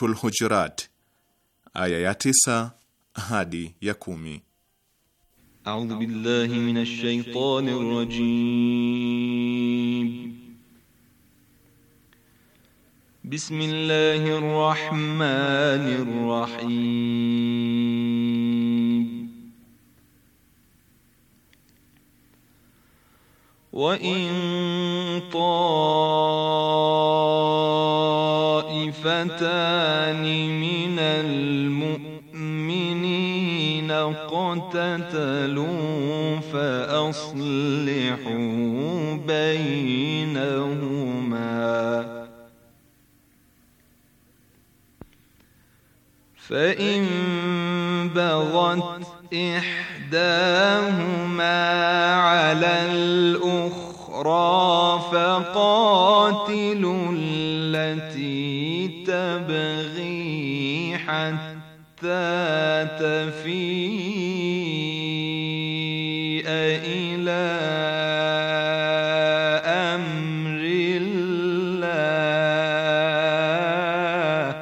Suratul Hujurat aya ya tisa hadi ya kumi. A'udhu billahi minash shaitani rajim. Bismillahir rahmanir rahim. Wa in ta خفيفتان من المؤمنين قتتلوا فأصلحوا بينهما فإن بغت إحداهما على الأخرى فقاتلوا حتى تفيء إلى أمر الله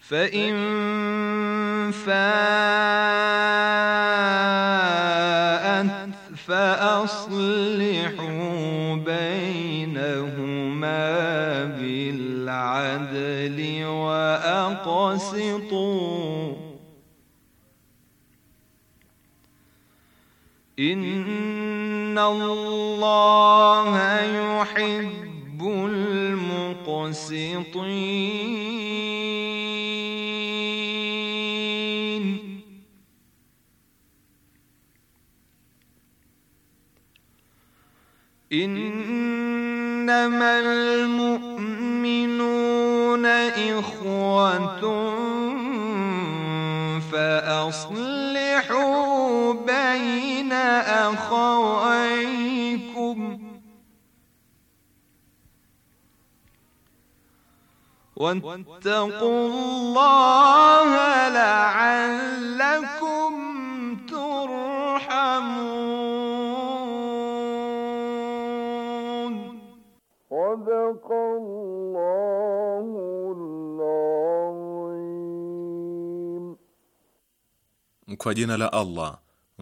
فإن وقسطوا إن الله يحب المقسطين إنما بين أخويكم واتقوا الله لعلكم ترحمون صدق الله العظيم kwa jina la Allah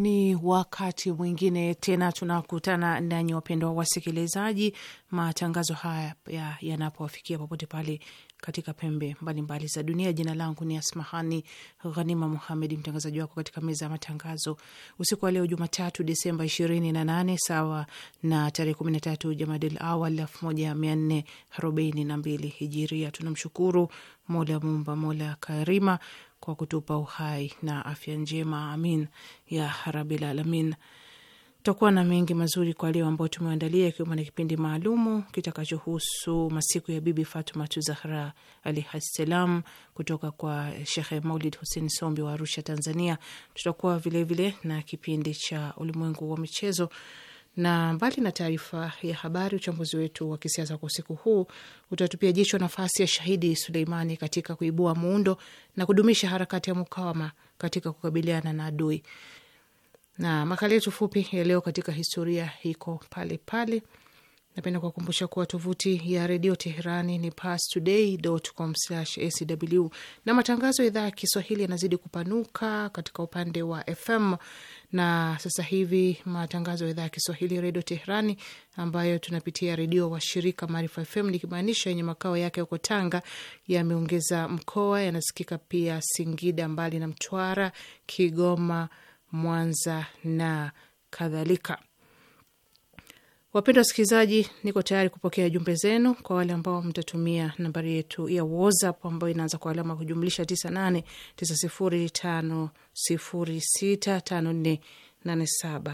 Ni wakati mwingine tena tunakutana nanyi, wapendwa wasikilizaji, matangazo haya yanapowafikia popote pale katika pembe mbalimbali mbali za dunia. Jina langu ni Asmahani Ghanima Muhamedi, mtangazaji wako katika meza ya matangazo usiku wa leo Jumatatu Desemba ishirini na nane sawa na tarehe kumi na tatu Jamadil Awal elfu moja mia nne arobaini na mbili Hijiria. Tunamshukuru Mola Mumba, Mola Karima kwa kutupa uhai na afya njema, amin ya rabil alamin. Tutakuwa na mengi mazuri kwa leo ambayo tumeandalia, ikiwemo na kipindi maalumu kitakachohusu masiku ya Bibi tuzahra Zahra alaihassalam kutoka kwa Shekhe Maulid Hussein Sombi wa Arusha, Tanzania. Tutakuwa vilevile na kipindi cha ulimwengu wa michezo na mbali na taarifa ya habari, uchambuzi wetu wa kisiasa kwa usiku huu utatupia jicho nafasi ya shahidi Suleimani katika kuibua muundo na kudumisha harakati ya mukawama katika kukabiliana na adui, na makala yetu fupi ya leo katika historia iko pale pale Napenda kuwakumbusha kuwa tovuti ya redio Teherani ni pastoday.com/sw na matangazo ya idhaa ya Kiswahili yanazidi kupanuka katika upande wa FM na sasa hivi matangazo ya idhaa ya Kiswahili redio Teherani ambayo tunapitia redio wa shirika Maarifa FM nikimaanisha yenye makao yake huko Tanga yameongeza mkoa, yanasikika pia Singida mbali na Mtwara, Kigoma, Mwanza na kadhalika. Wapendwa wasikilizaji, niko tayari kupokea jumbe zenu. Kwa wale ambao mtatumia nambari yetu ya WhatsApp ambayo inaanza kwa alama kujumlisha 989035065487.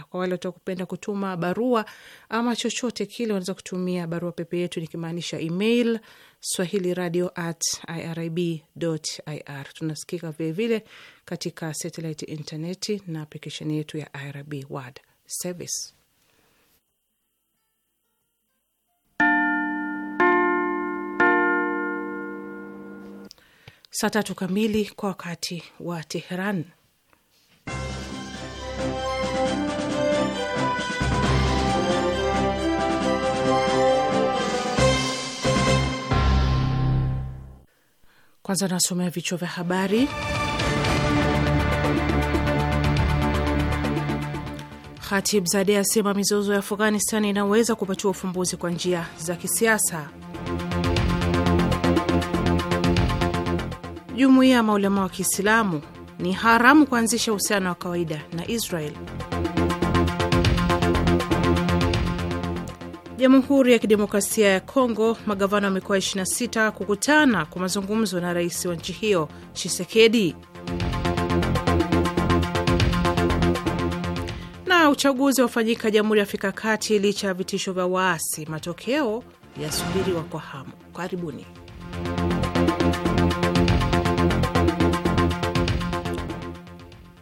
Kwa wale watakupenda kutuma barua ama chochote kile, wanaweza kutumia barua pepe yetu nikimaanisha email swahili radio at irib ir. Tunasikika vilevile katika satellite, interneti na aplikesheni yetu ya IRIB World Service. saa tatu kamili kwa wakati wa Teheran. Kwanza nasomea vichwa vya habari. Khatib Zade asema mizozo ya Afghanistan inaweza kupatiwa ufumbuzi kwa njia za kisiasa. jumuiya ya maulama wa Kiislamu ni haramu kuanzisha uhusiano wa kawaida na Israel. Jamhuri ya Kidemokrasia ya Kongo, magavana wa mikoa 26 kukutana kwa mazungumzo na rais wa nchi hiyo Chisekedi. Na uchaguzi wafanyika Jamhuri ya Afrika Kati licha ya vitisho vya waasi, matokeo yasubiriwa kwa hamu. Karibuni.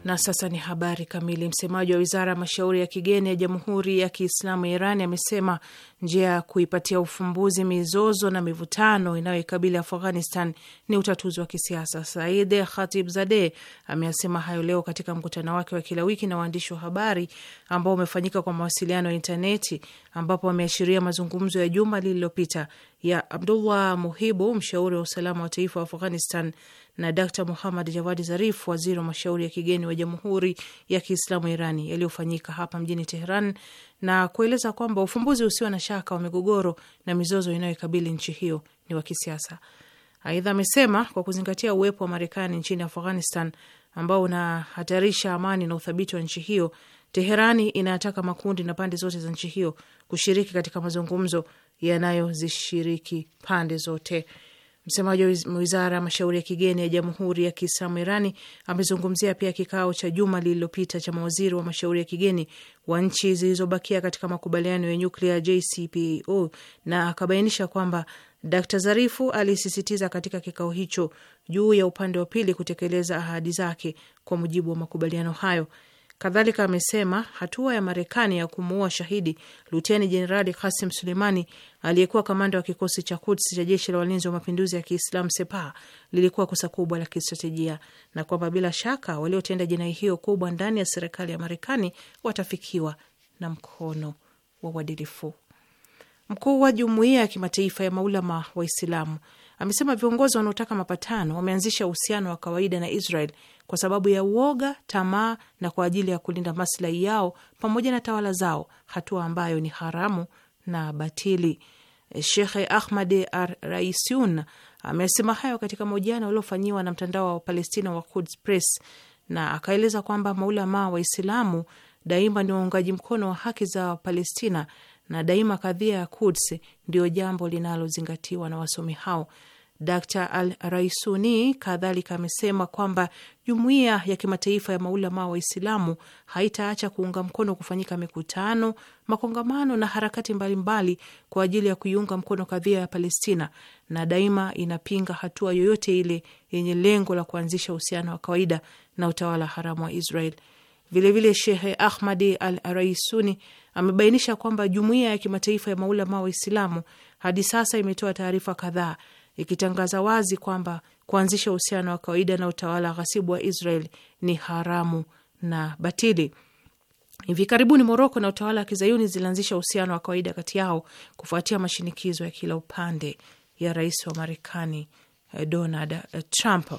Na sasa ni habari kamili. Msemaji wa wizara ya mashauri ya kigeni ya Jamhuri ya Kiislamu ya Iran amesema njia ya kuipatia ufumbuzi mizozo na mivutano inayoikabili Afghanistan ni utatuzi wa kisiasa. Said zade ameyasema hayo leo katika mkutano wake wa kila wiki na waandishi wa habari ambao umefanyika kwa mawasiliano ya intaneti ambapo ameashiria mazungumzo ya juma lililopita ya Abdullah Muhibu, mshauri wa usalama wa taifa wa Afghanistan, na Dkt Muhammad Javad Zarif, waziri wa mashauri ya kigeni wa Jamhuri ya Kiislamu Irani, yaliyofanyika hapa mjini Tehran, na kueleza kwamba ufumbuzi usio na shaka wa migogoro na mizozo inayoikabili nchi hiyo ni wa kisiasa. Aidha amesema kwa kuzingatia uwepo wa Marekani nchini Afghanistan ambao unahatarisha amani na uthabiti wa nchi hiyo Teherani inayataka makundi na pande zote za nchi hiyo kushiriki katika mazungumzo yanayozishiriki pande zote. Msemaji wa wizara ya mashauri ya kigeni ya Jamhuri ya Kiislamu Irani amezungumzia pia kikao cha juma lililopita cha mawaziri wa mashauri ya kigeni wa nchi zilizobakia katika makubaliano ya nyuklia JCPO na akabainisha kwamba Dkt Zarifu alisisitiza katika kikao hicho juu ya upande wa pili kutekeleza ahadi zake kwa mujibu wa makubaliano hayo. Kadhalika amesema hatua ya Marekani ya kumuua shahidi luteni jenerali Kasim Suleimani aliyekuwa kamanda wa kikosi cha Kuds cha jeshi la walinzi wa mapinduzi ya Kiislamu sepa lilikuwa kosa kubwa la kistratejia na kwamba bila shaka waliotenda jinai hiyo kubwa ndani ya serikali ya Marekani watafikiwa na mkono wa uadilifu. Mkuu wa jumuiya ya kimataifa ya maulama Waislamu amesema viongozi wanaotaka mapatano wameanzisha uhusiano wa kawaida na Israel kwa sababu ya uoga, tamaa na kwa ajili ya kulinda maslahi yao pamoja na tawala zao, hatua ambayo ni haramu na batili. Shekhe Ahmad Raisun amesema hayo katika mahojiano waliofanyiwa na mtandao wa Palestina wa Quds Press, na akaeleza kwamba maulamaa Waislamu daima ni waungaji mkono wa haki za Wapalestina na daima kadhia ya Quds ndiyo jambo linalozingatiwa na wasomi hao. Dr Al Raisuni kadhalika amesema kwamba jumuiya ya kimataifa ya maulama Waislamu haitaacha kuunga mkono kufanyika mikutano, makongamano na harakati mbalimbali mbali kwa ajili ya kuiunga mkono kadhia ya Palestina, na daima inapinga hatua yoyote ile yenye lengo la kuanzisha uhusiano wa kawaida na utawala haramu wa Israel. Vilevile, Shehe Ahmadi Al Raisuni amebainisha kwamba jumuiya ya kimataifa ya maulamaa Waislamu hadi sasa imetoa taarifa kadhaa ikitangaza wazi kwamba kuanzisha uhusiano wa kawaida na utawala ghasibu wa Israel ni haramu na batili. Hivi karibuni Moroko na utawala wa kizayuni zilianzisha uhusiano wa kawaida kati yao kufuatia mashinikizo ya kila upande ya rais wa Marekani eh, Donald eh, Trump.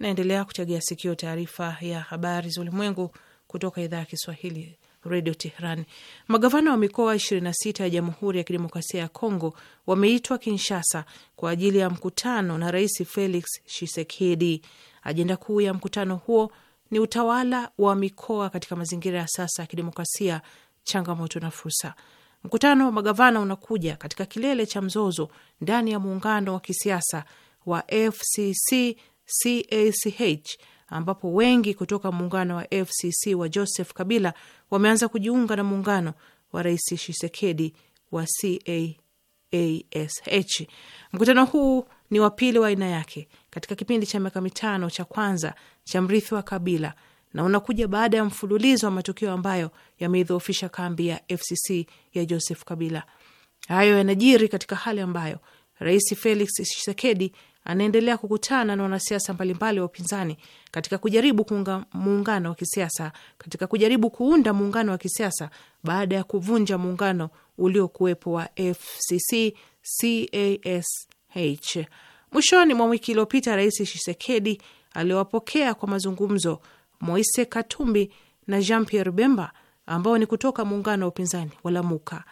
Naendelea kutegea sikio taarifa ya habari za ulimwengu kutoka idhaa ya Kiswahili Redio Tehran. Magavana wa mikoa 26 ya Jamhuri ya Kidemokrasia ya Kongo wameitwa Kinshasa kwa ajili ya mkutano na Rais Felix Tshisekedi. Ajenda kuu ya mkutano huo ni utawala wa mikoa katika mazingira ya sasa ya kidemokrasia, changamoto na fursa. Mkutano wa magavana unakuja katika kilele cha mzozo ndani ya muungano wa kisiasa wa FCC CACH ambapo wengi kutoka muungano wa FCC wa Joseph Kabila wameanza kujiunga na muungano wa Rais Tshisekedi wa CAASH. Mkutano huu ni wa pili wa aina yake katika kipindi cha miaka mitano cha kwanza cha mrithi wa Kabila na unakuja baada ya mfululizo wa matukio ambayo yameidhoofisha kambi ya FCC ya Joseph Kabila. Hayo yanajiri katika hali ambayo Rais Felix Tshisekedi anaendelea kukutana na wanasiasa mbalimbali wa upinzani katika kujaribu kuunga muungano wa kisiasa katika kujaribu kuunda muungano wa kisiasa baada ya kuvunja muungano uliokuwepo wa FCC CASH. Mwishoni mwa wiki iliyopita, Rais Tshisekedi aliwapokea kwa mazungumzo Moise Katumbi na Jean Pierre Bemba ambao ni kutoka muungano wa upinzani wa Lamuka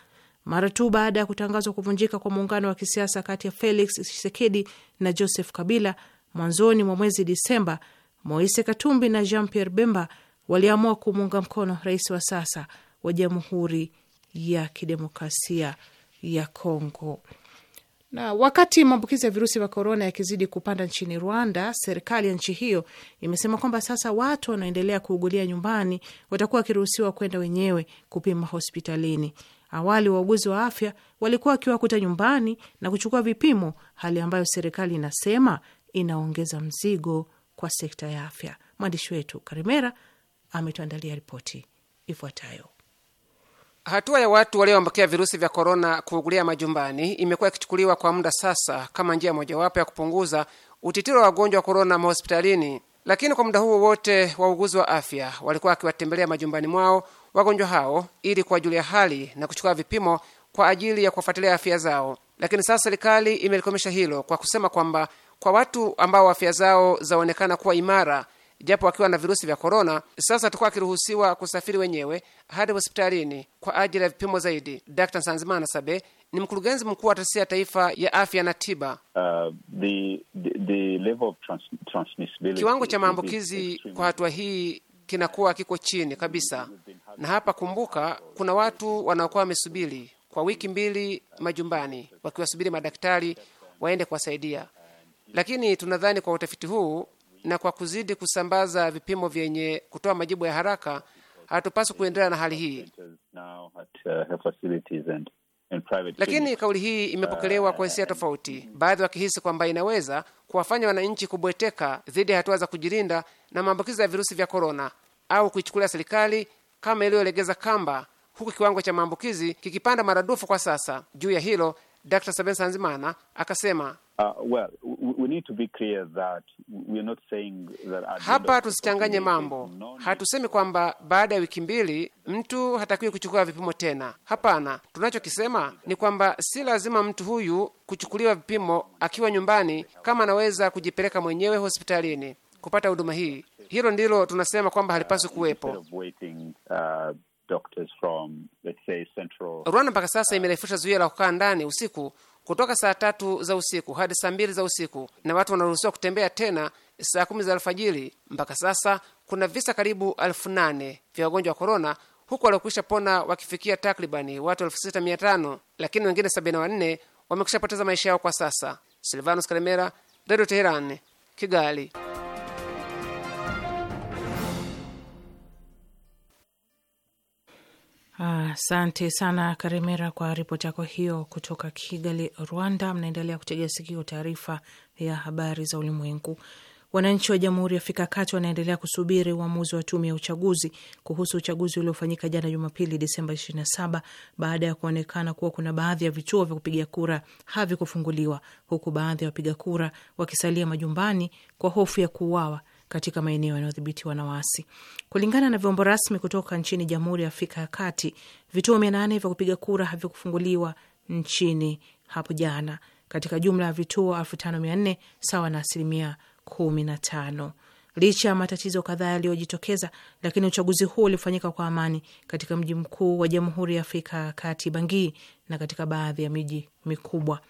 mara tu baada ya kutangazwa kuvunjika kwa muungano wa kisiasa kati ya Felix Tshisekedi na Joseph Kabila mwanzoni mwa mwezi Disemba, Moise Katumbi na Jean Pierre Bemba waliamua kumuunga mkono rais wa sasa wa Jamhuri ya Kidemokrasia ya Kongo. Na wakati maambukizi ya virusi vya korona yakizidi kupanda nchini Rwanda, serikali ya nchi hiyo imesema kwamba sasa watu wanaoendelea kuugulia nyumbani watakuwa wakiruhusiwa kwenda wenyewe kupima hospitalini. Awali wauguzi wa afya walikuwa wakiwakuta nyumbani na kuchukua vipimo, hali ambayo serikali inasema inaongeza mzigo kwa sekta ya afya. Mwandishi wetu Karimera ametuandalia ripoti ifuatayo. Hatua ya watu walioambukia virusi vya korona kuugulia majumbani imekuwa ikichukuliwa kwa muda sasa kama njia mojawapo ya kupunguza utitiro wa wagonjwa wa korona mahospitalini, lakini kwa muda huo wote wauguzi wa afya walikuwa wakiwatembelea majumbani mwao wagonjwa hao ili kuwajulia hali na kuchukua vipimo kwa ajili ya kuwafuatilia afya zao, lakini sasa serikali imelikomesha hilo kwa kusema kwamba kwa watu ambao afya zao zaonekana kuwa imara japo wakiwa na virusi vya korona, sasa atakuwa akiruhusiwa kusafiri wenyewe hadi hospitalini kwa ajili ya vipimo zaidi. d Nsanzimana Sabe ni mkurugenzi mkuu wa taasisi ya taifa ya afya na tiba. Uh, the, the, the level of trans, kiwango cha maambukizi kwa hatua hii kinakuwa kiko chini kabisa. Na hapa kumbuka, kuna watu wanaokuwa wamesubiri kwa wiki mbili majumbani wakiwasubiri madaktari waende kuwasaidia, lakini tunadhani kwa utafiti huu na kwa kuzidi kusambaza vipimo vyenye kutoa majibu ya haraka hatupaswi kuendelea na hali hii. Lakini kauli hii imepokelewa uh, kwa hisia tofauti, baadhi wakihisi kwamba inaweza kuwafanya wananchi kubweteka dhidi ya hatua za kujilinda na maambukizi ya virusi vya korona, au kuichukulia serikali kama iliyolegeza kamba, huku kiwango cha maambukizi kikipanda maradufu kwa sasa. Juu ya hilo, Dr. Saben Sanzimana akasema, uh, well, hapa tusichanganye mambo. Hatusemi kwamba baada ya wiki mbili mtu hatakiwi kuchukua vipimo tena. Hapana, tunachokisema ni kwamba si lazima mtu huyu kuchukuliwa vipimo akiwa nyumbani, kama anaweza kujipeleka mwenyewe hospitalini kupata huduma hii. Hilo ndilo tunasema kwamba halipaswi uh, kuwepo. Uh, Rwanda mpaka sasa imerefusha zuia la kukaa ndani usiku kutoka saa tatu za usiku hadi saa mbili za usiku, na watu wanaruhusiwa kutembea tena saa kumi za alfajiri. Mpaka sasa kuna visa karibu elfu nane vya wagonjwa wa korona, huku waliokwisha pona wakifikia takribani watu elfu sita mia tano lakini wengine wanne wamekwisha poteza maisha yao kwa sasa. Silvanus Karemera, redio Teheran, Kigali. Asante ah, sana Karemera kwa ripoti yako hiyo kutoka Kigali, Rwanda. Mnaendelea kutegea sikio taarifa ya habari za ulimwengu. Wananchi wa Jamhuri ya Afrika Kati wanaendelea kusubiri uamuzi wa tume ya uchaguzi kuhusu uchaguzi uliofanyika jana Jumapili, Disemba 27 baada ya kuonekana kuwa kuna baadhi ya vituo vya kupiga kura havikufunguliwa, huku baadhi ya wapiga kura wakisalia majumbani kwa hofu ya kuuawa katika maeneo yanayodhibitiwa na waasi. Kulingana na vyombo rasmi kutoka nchini Jamhuri ya Afrika ya Kati, vituo mia nane vya kupiga kura havikufunguliwa nchini hapo jana katika jumla ya vituo elfu tano mia nne sawa na asilimia kumi na tano. Licha ya matatizo kadhaa yaliyojitokeza, lakini uchaguzi huo ulifanyika kwa amani katika mji mkuu wa Jamhuri ya Afrika ya Kati, Bangui, na katika baadhi ya miji mikubwa.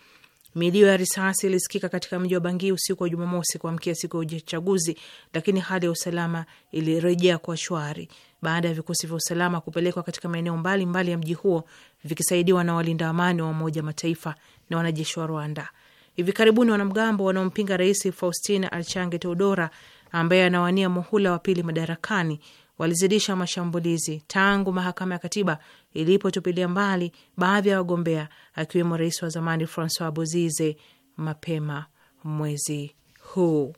Milio ya risasi ilisikika katika mji wa Bangui usiku wa Jumamosi kuamkia siku ya uchaguzi, lakini hali ya usalama ilirejea kwa shwari baada ya vikosi vya usalama kupelekwa katika maeneo mbalimbali ya mji huo vikisaidiwa na walinda amani wa Umoja Mataifa na wanajeshi wa Rwanda. Hivi karibuni wanamgambo wanaompinga Rais Faustin Archange Teodora ambaye anawania muhula wa pili madarakani walizidisha mashambulizi tangu mahakama ya katiba ilipotupilia mbali baadhi ya wagombea akiwemo rais wa zamani Francois Bozize mapema mwezi huu.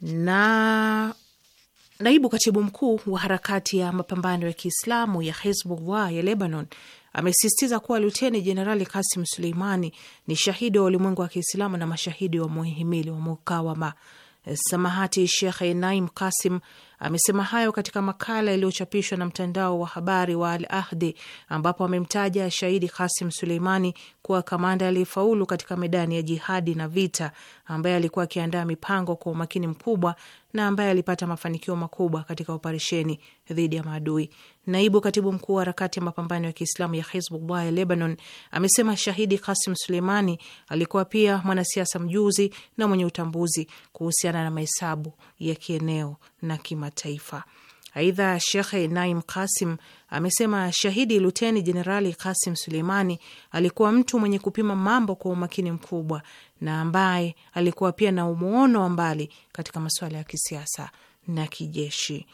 Na naibu katibu mkuu wa harakati ya mapambano ya Kiislamu ya Hezbollah ya Lebanon amesisitiza kuwa Luteni Jenerali Kasim Suleimani ni shahidi wa ulimwengu wa Kiislamu na mashahidi wa muhimili wa mukawama Samahati Shekhe Naim Kasim Amesema hayo katika makala iliyochapishwa na mtandao wa habari wa Al Ahdi, ambapo amemtaja shahidi Kasim Suleimani kuwa kamanda aliyefaulu katika medani ya jihadi na vita, ambaye alikuwa akiandaa mipango kwa umakini mkubwa na ambaye alipata mafanikio makubwa katika operesheni dhidi ya maadui. Naibu katibu mkuu wa harakati ya mapambano ya Kiislamu ya Hizbullah ya Lebanon amesema shahidi Kasim Suleimani alikuwa pia mwanasiasa mjuzi na mwenye utambuzi kuhusiana na mahesabu ya kieneo na kimataifa. Aidha, Shekhe Naim Kasim amesema shahidi luteni jenerali Kasim Suleimani alikuwa mtu mwenye kupima mambo kwa umakini mkubwa na ambaye alikuwa pia na umwono wa mbali katika masuala ya kisiasa na kijeshi.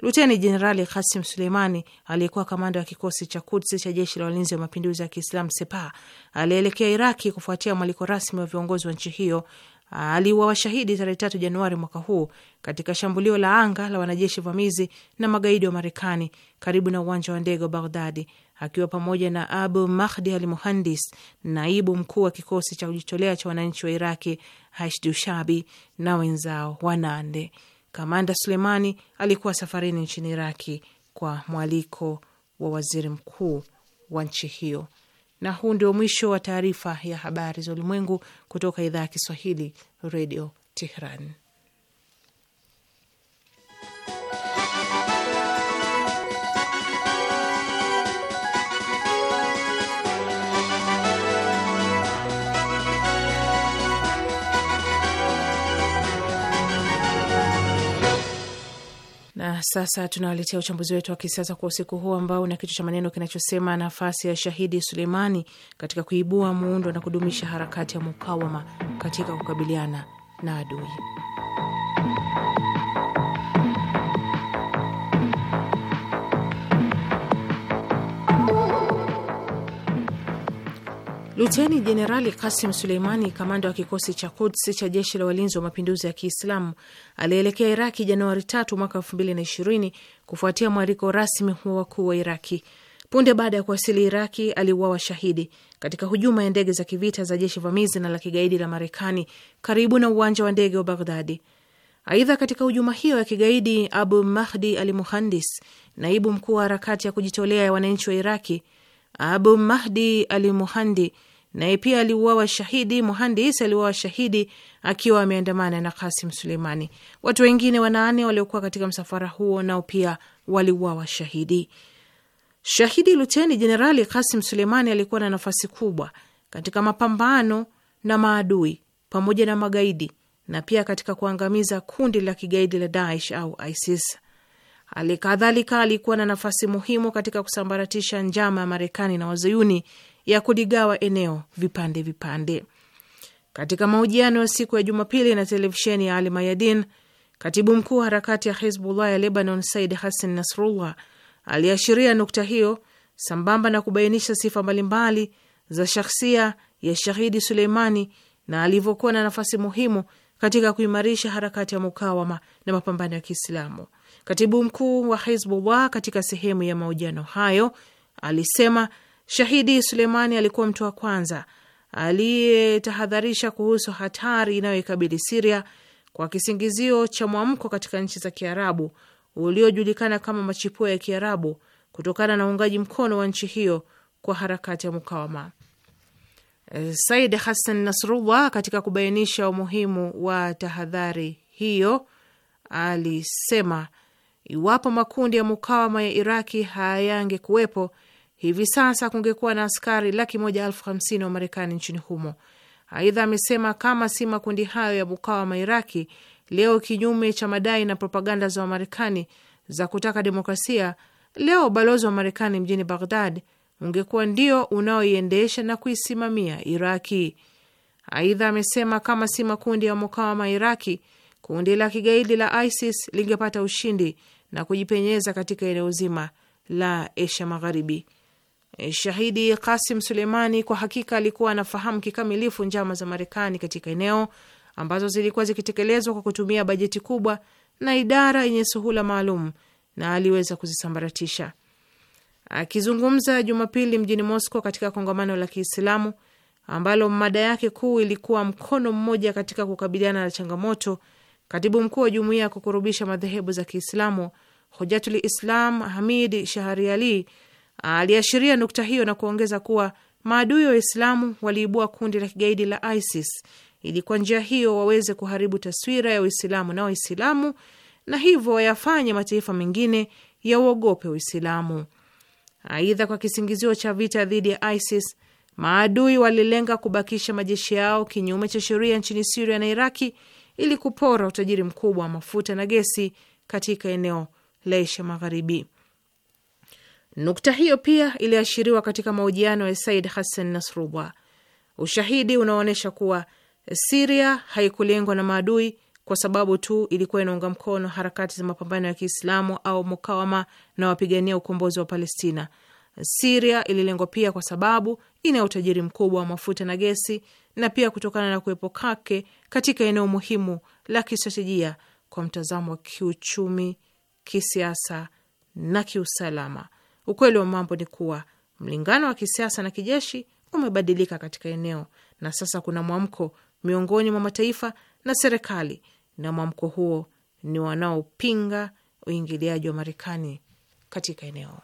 Luteni Jenerali Kasim Suleimani aliyekuwa kamanda wa kikosi cha Kudsi cha jeshi la walinzi wa mapinduzi ya Kiislamu Sepa alielekea Iraki kufuatia mwaliko rasmi wa viongozi wa nchi hiyo aliuawa shahidi tarehe tatu Januari mwaka huu katika shambulio la anga la wanajeshi vamizi na magaidi wa Marekani karibu na uwanja wa ndege wa Baghdadi akiwa pamoja na Abu Mahdi al Muhandis, naibu mkuu wa kikosi cha kujitolea cha wananchi wa Iraki Hashdu Shabi na wenzao wanande. Kamanda Sulemani alikuwa safarini nchini Iraki kwa mwaliko wa waziri mkuu wa nchi hiyo. Na huu ndio mwisho wa taarifa ya habari za ulimwengu kutoka idhaa ya Kiswahili, Redio Tehran. Na sasa tunawaletea uchambuzi wetu wa kisiasa kwa usiku huu ambao una kichwa cha maneno kinachosema nafasi ya shahidi Suleimani katika kuibua muundo na kudumisha harakati ya mukawama katika kukabiliana na adui. Luteni Jenerali Kasim Suleimani, kamanda wa kikosi cha Kuds cha jeshi la walinzi wa mapinduzi ya Kiislamu, alielekea Iraki Januari tatu mwaka elfu mbili na ishirini kufuatia mwaliko rasmi wa wakuu wa Iraki. Punde baada ya kuwasili Iraki aliuawa shahidi katika hujuma ya ndege za kivita za jeshi vamizi na la kigaidi la Marekani karibu na uwanja wa ndege wa Baghdadi. Aidha, katika hujuma hiyo ya kigaidi Abu Mahdi al Muhandis, naibu mkuu wa harakati ya kujitolea ya wananchi wa Iraki, Abu Mahdi al Muhandi Naye pia aliuawa shahidi, Muhandis aliuawa shahidi akiwa ameandamana na Kasim Suleimani. Watu wengine wanane waliokuwa katika msafara huo nao pia waliuawa shahidi. Shahidi Luteni Jenerali Kasim Suleimani alikuwa na nafasi kubwa katika mapambano na maadui pamoja na magaidi na pia katika kuangamiza kundi la kigaidi la Daesh au ISIS. Hali kadhalika alikuwa na nafasi muhimu katika kusambaratisha njama ya Marekani na Wazayuni ya kuligawa eneo vipande vipande. Katika mahojiano ya siku ya Jumapili na televisheni ya Al Mayadin, katibu mkuu wa harakati ya Hizbullah ya Lebanon Said Hassan Nasrullah aliashiria nukta hiyo sambamba na kubainisha sifa mbalimbali za shakhsia ya shahidi Suleimani na alivyokuwa na nafasi muhimu katika kuimarisha harakati ya mukawama na mapambano ya Kiislamu. Katibu mkuu wa Hizbullah katika sehemu ya mahojiano hayo alisema Shahidi Suleimani alikuwa mtu wa kwanza aliyetahadharisha kuhusu hatari inayoikabili Siria kwa kisingizio cha mwamko katika nchi za Kiarabu uliojulikana kama machipuo ya Kiarabu kutokana na uungaji mkono wa nchi hiyo kwa harakati ya mukawama. Said Hassan Nasrullah katika kubainisha umuhimu wa tahadhari hiyo alisema, iwapo makundi ya mukawama ya Iraki hayangekuwepo kuwepo hivi sasa kungekuwa na askari laki moja elfu hamsini wa Marekani nchini humo. Aidha amesema kama si makundi hayo ya Bukawa Mairaki, leo kinyume cha madai na propaganda za Wamarekani za kutaka demokrasia, leo ubalozi wa Marekani mjini Baghdad ungekuwa ndio unaoiendesha na kuisimamia Iraki. Aidha amesema kama si makundi ya mukawama Iraki, kundi la kigaidi la ISIS lingepata ushindi na kujipenyeza katika eneo zima la Asia Magharibi. Eh, shahidi Kasim Suleimani kwa hakika alikuwa anafahamu kikamilifu njama za Marekani katika eneo ambazo zilikuwa zikitekelezwa kwa kutumia bajeti kubwa na idara yenye suhula maalum na aliweza kuzisambaratisha. Akizungumza Jumapili mjini Moscow katika kongamano la Kiislamu ambalo mada yake kuu ilikuwa mkono mmoja katika kukabiliana na changamoto, katibu mkuu wa jumuiya ya kukurubisha madhehebu za Kiislamu Hojatul Islam Hamid Shahariali Aliashiria nukta hiyo na kuongeza kuwa maadui wa Waislamu waliibua kundi la kigaidi la ISIS ili kwa njia hiyo waweze kuharibu taswira ya Uislamu na Waislamu na hivyo wayafanye mataifa mengine yauogope Uislamu. Aidha, kwa kisingizio cha vita dhidi ya ISIS, maadui walilenga kubakisha majeshi yao kinyume cha sheria nchini Siria na Iraki ili kupora utajiri mkubwa wa mafuta na gesi katika eneo la Asia Magharibi. Nukta hiyo pia iliashiriwa katika mahojiano ya Said Hassan Nasrullah. Ushahidi unaonyesha kuwa Siria haikulengwa na maadui kwa sababu tu ilikuwa inaunga mkono harakati za mapambano ya Kiislamu au mukawama na wapigania ukombozi wa Palestina. Siria ililengwa pia kwa sababu ina utajiri mkubwa wa mafuta na gesi na pia kutokana na kuwepo kwake katika eneo muhimu la kistratejia kwa mtazamo wa kiuchumi, kisiasa na kiusalama. Ukweli wa mambo ni kuwa mlingano wa kisiasa na kijeshi umebadilika katika eneo, na sasa kuna mwamko miongoni mwa mataifa na serikali, na mwamko huo ni wanaopinga uingiliaji wa Marekani katika eneo.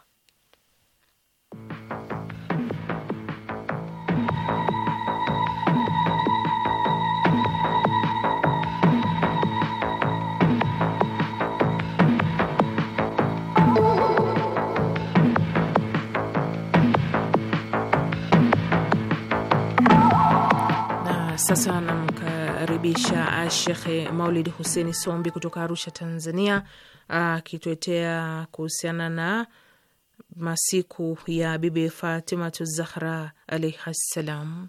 Sasa namkaribisha ah, Shekhe Maulidi Huseni Sombi kutoka Arusha, Tanzania, ah, akituetea kuhusiana na masiku ya Bibi Fatimatu Zahra alaihi ssalam.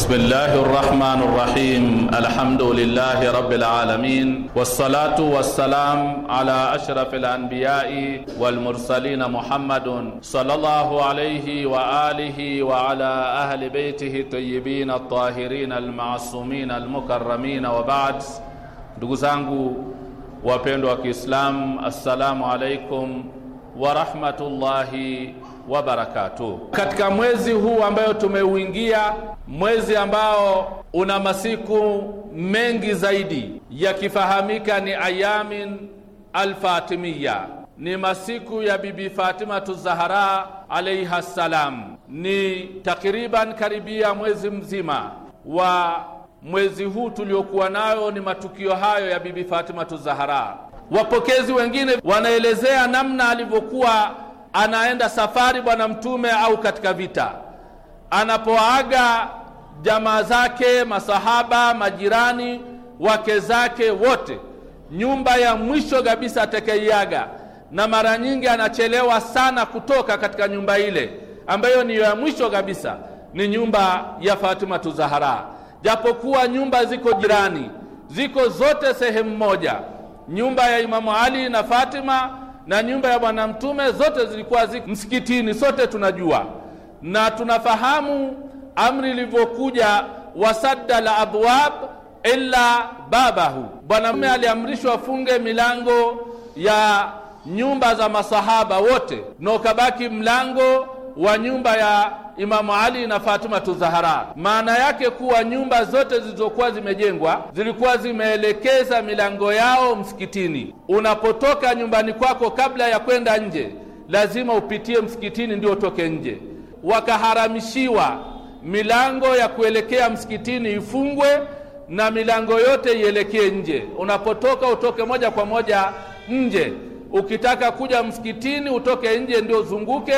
بسم الله الرحمن الرحيم الحمد لله رب العالمين والصلاة والسلام على أشرف الأنبياء والمرسلين محمد صلى الله عليه وآله وعلى أهل بيته الطيبين الطاهرين المعصومين المكرمين وبعد دوزانغو وبين إسلام السلام عليكم ورحمة الله wa barakatuh. Katika mwezi huu ambayo tumeuingia, mwezi ambao una masiku mengi zaidi yakifahamika ni ayamin alfatimiya, ni masiku ya Bibi Fatima Zahara alaiha salam, ni takriban karibia mwezi mzima wa mwezi huu tuliokuwa nayo ni matukio hayo ya Bibi Fatima Zahara. Wapokezi wengine wanaelezea namna alivyokuwa anaenda safari bwana mtume au katika vita, anapoaga jamaa zake, masahaba, majirani, wake zake wote, nyumba ya mwisho kabisa atakaiaga, na mara nyingi anachelewa sana kutoka katika nyumba ile ambayo ni ya mwisho kabisa, ni nyumba ya Fatima Zahara. Japokuwa nyumba ziko jirani, ziko zote sehemu moja, nyumba ya Imamu Ali na Fatima na nyumba ya Bwana Mtume zote zilikuwa ziko msikitini. Sote tunajua na tunafahamu amri ilivyokuja, wasadda la abwab illa babahu. Bwana Mtume aliamrishwa afunge milango ya nyumba za masahaba wote, na ukabaki mlango wa nyumba ya Imamu Ali na Fatima Tuzahara. Maana yake kuwa nyumba zote zilizokuwa zimejengwa zilikuwa zimeelekeza milango yao msikitini. Unapotoka nyumbani kwako, kabla ya kwenda nje, lazima upitie msikitini ndio utoke nje. Wakaharamishiwa milango ya kuelekea msikitini ifungwe na milango yote ielekee nje. Unapotoka utoke moja kwa moja nje. Ukitaka kuja msikitini utoke nje ndio uzunguke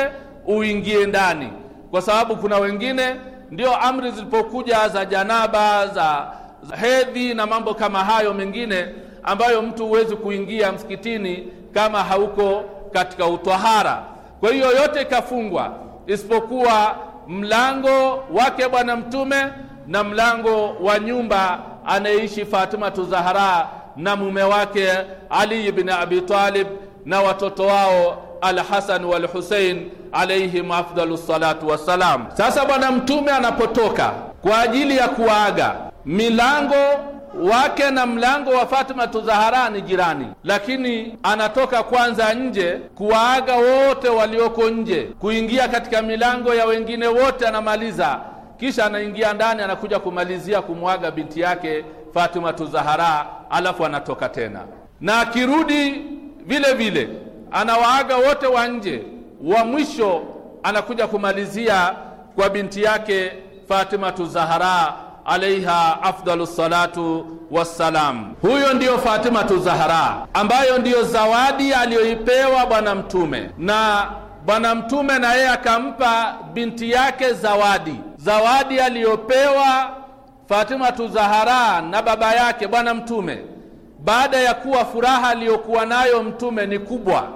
uingie ndani kwa sababu kuna wengine ndio amri zilipokuja za janaba za, za hedhi na mambo kama hayo mengine ambayo mtu huwezi kuingia msikitini kama hauko katika utwahara. Kwa hiyo yote ikafungwa isipokuwa mlango wake Bwana Mtume na mlango wa nyumba anayeishi Fatima Tuzahara na mume wake Ali ibn Abi Talib na watoto wao Alhasan walhusein alaihim afdalu salatu wassalam. Sasa Bwana Mtume anapotoka kwa ajili ya kuwaaga, milango wake na mlango wa Fatima Tuzahara ni jirani, lakini anatoka kwanza nje kuwaaga wote walioko nje, kuingia katika milango ya wengine wote anamaliza, kisha anaingia ndani, anakuja kumalizia kumwaga binti yake Fatima Tuzahara, alafu anatoka tena na akirudi vile vile anawaaga wote wa nje, wa mwisho anakuja kumalizia kwa binti yake Fatimatu Zahara alaiha afdalu salatu wassalam. Huyo ndiyo Fatimatu Zahara ambayo ndiyo zawadi aliyoipewa Bwana Mtume, na Bwana Mtume na yeye akampa binti yake zawadi. Zawadi aliyopewa Fatimatu Zahara na baba yake Bwana Mtume baada ya kuwa furaha aliyokuwa nayo Mtume ni kubwa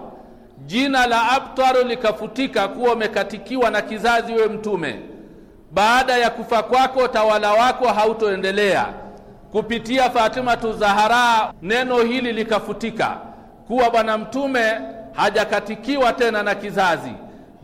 jina la abtaru likafutika kuwa umekatikiwa na kizazi we mtume baada ya kufa kwako tawala wako hautoendelea kupitia tu zahara neno hili likafutika kuwa bwana mtume hajakatikiwa tena na kizazi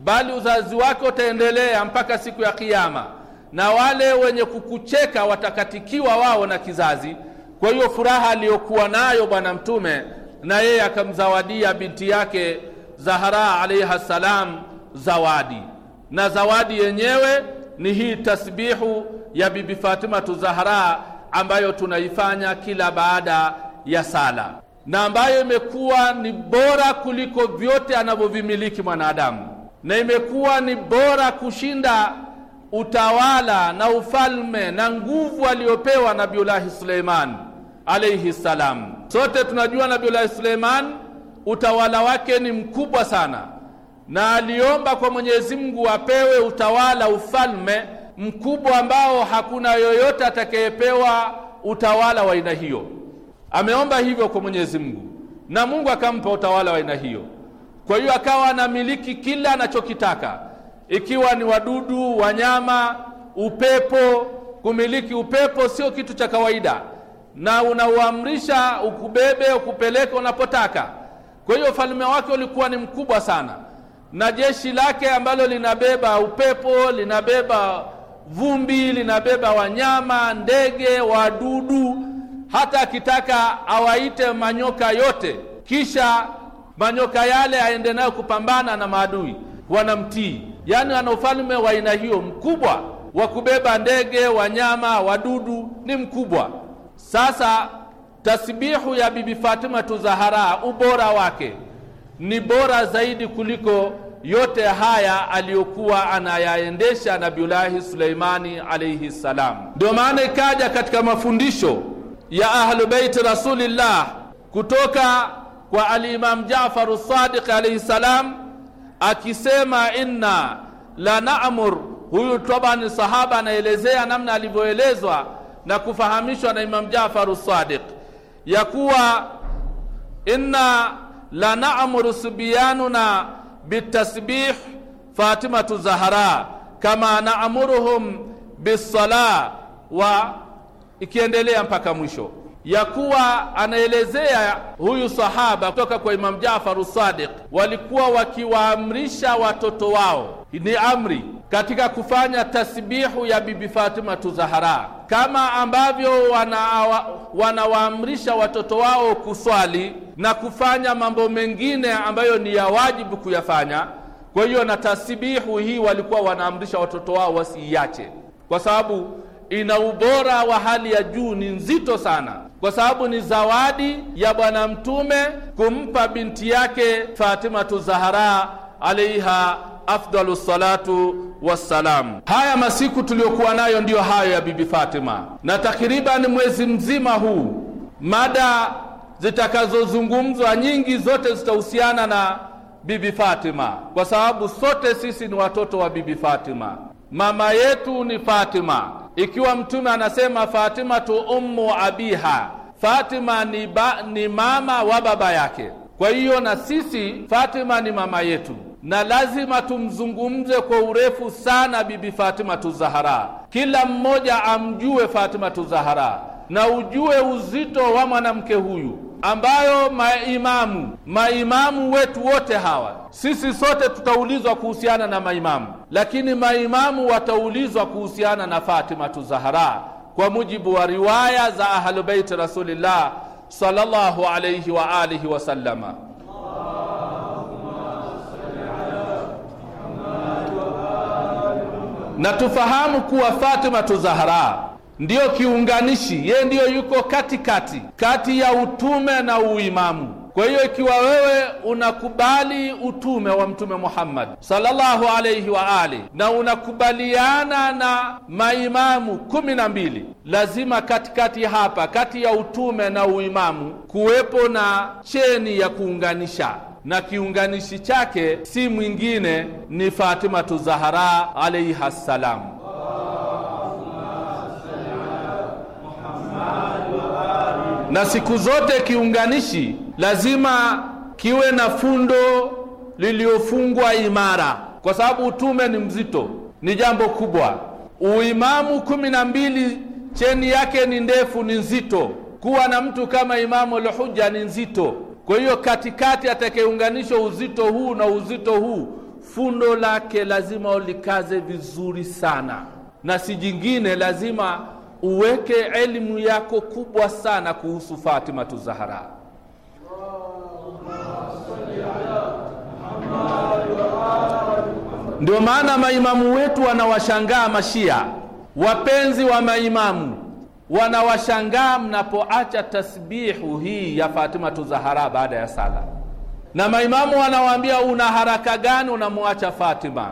bali uzazi wako utaendelea mpaka siku ya kiama na wale wenye kukucheka watakatikiwa wao na kizazi kwa hiyo furaha aliyokuwa nayo bwana mtume na yeye akamzawadia binti yake Zahara alaiha salam zawadi, na zawadi yenyewe ni hii tasbihu ya Bibi Fatimatu Zahara ambayo tunaifanya kila baada ya sala na ambayo imekuwa ni bora kuliko vyote anavyovimiliki mwanadamu, na imekuwa ni bora kushinda utawala na ufalme na nguvu aliyopewa Nabiullahi Suleiman alaihi salam. Sote tunajua Nabiullahi Suleiman utawala wake ni mkubwa sana, na aliomba kwa Mwenyezi Mungu apewe utawala, ufalme mkubwa ambao hakuna yoyote atakayepewa utawala wa aina hiyo. Ameomba hivyo kwa Mwenyezi Mungu na Mungu akampa utawala wa aina hiyo. Kwa hiyo akawa anamiliki kila anachokitaka, ikiwa ni wadudu, wanyama, upepo. Kumiliki upepo sio kitu cha kawaida, na unauamrisha ukubebe, ukupeleke unapotaka kwa hiyo ufalme wake ulikuwa ni mkubwa sana, na jeshi lake ambalo linabeba upepo, linabeba vumbi, linabeba wanyama, ndege, wadudu, hata akitaka awaite manyoka yote, kisha manyoka yale aende nayo kupambana na maadui, wanamtii. Yaani ana ufalme wa aina hiyo mkubwa wa kubeba ndege, wanyama, wadudu, ni mkubwa sasa tasbihu ya Bibi Fatima Tuzahara, ubora wake ni bora zaidi kuliko yote haya aliyokuwa anayaendesha Nabiullahi Suleimani alaihi ssalam. Ndio maana ikaja katika mafundisho ya Ahlubeiti Rasulillah kutoka kwa Alimam Jafaru Sadiq alaihi ssalam akisema inna la namur. Huyu tabani sahaba anaelezea namna alivyoelezwa na kufahamishwa na Imam Jafaru Sadiq ya kuwa inna la naamuru subyanuna bitasbih Fatimatu Zahra kama naamuruhum bisala wa ikiendelea mpaka mwisho, ya kuwa anaelezea huyu sahaba kutoka kwa Imam ja'far Sadiq, walikuwa wakiwaamrisha watoto wao, ni amri katika kufanya tasbihu ya Bibi Fatima Tuzahara, kama ambavyo wanawaamrisha wana watoto wao kuswali na kufanya mambo mengine ambayo ni ya wajibu kuyafanya. Kwa hiyo na tasbihu hii walikuwa wanaamrisha watoto wao wasiiache, kwa sababu ina ubora wa hali ya juu, ni nzito sana, kwa sababu ni zawadi ya Bwana Mtume kumpa binti yake Fatima Tuzahara alaiha afdalu salatu wassalam. Haya masiku tuliyokuwa nayo ndiyo hayo ya Bibi Fatima, na takriban mwezi mzima huu mada zitakazozungumzwa nyingi zote zitahusiana na Bibi Fatima, kwa sababu sote sisi ni watoto wa Bibi Fatima. Mama yetu ni Fatima, ikiwa Mtume anasema Fatima tu ummu abiha, Fatima ni, ba, ni mama wa baba yake. Kwa hiyo na sisi Fatima ni mama yetu na lazima tumzungumze kwa urefu sana Bibi Fatima Tuzahara, kila mmoja amjue Fatima Tuzahara na ujue uzito wa mwanamke huyu ambayo maimamu maimamu wetu wote hawa sisi sote tutaulizwa kuhusiana na maimamu, lakini maimamu wataulizwa kuhusiana na Fatima Tuzahara kwa mujibu wa riwaya za ahlubeiti Rasulillah sallallahu alaihi wa alihi wasallama. na tufahamu kuwa fatima Zahra ndiyo kiunganishi, yeye ndiyo yuko katikati kati ya utume na uimamu. Kwa hiyo ikiwa wewe unakubali utume wa Mtume Muhammad sallallahu alaihi wa ali na unakubaliana na maimamu kumi na mbili, lazima katikati hapa kati ya utume na uimamu kuwepo na cheni ya kuunganisha na kiunganishi chake si mwingine ni Fatimatu Zahara alaiha ssalam. Na siku zote kiunganishi lazima kiwe na fundo liliofungwa imara, kwa sababu utume ni mzito, ni jambo kubwa. Uimamu kumi na mbili cheni yake ni ndefu, ni nzito. Kuwa na mtu kama Imamu Lhuja ni nzito kwa hiyo katikati atakayeunganisha uzito huu na uzito huu, fundo lake lazima ulikaze vizuri sana, na si jingine, lazima uweke elimu yako kubwa sana kuhusu Fatima Tuzahara. Ndio maana maimamu wetu wanawashangaa Mashia, wapenzi wa maimamu wanawashangaa mnapoacha tasbihu hii ya fatima Zahara baada ya sala, na maimamu wanawaambia una haraka gani unamwacha Fatima?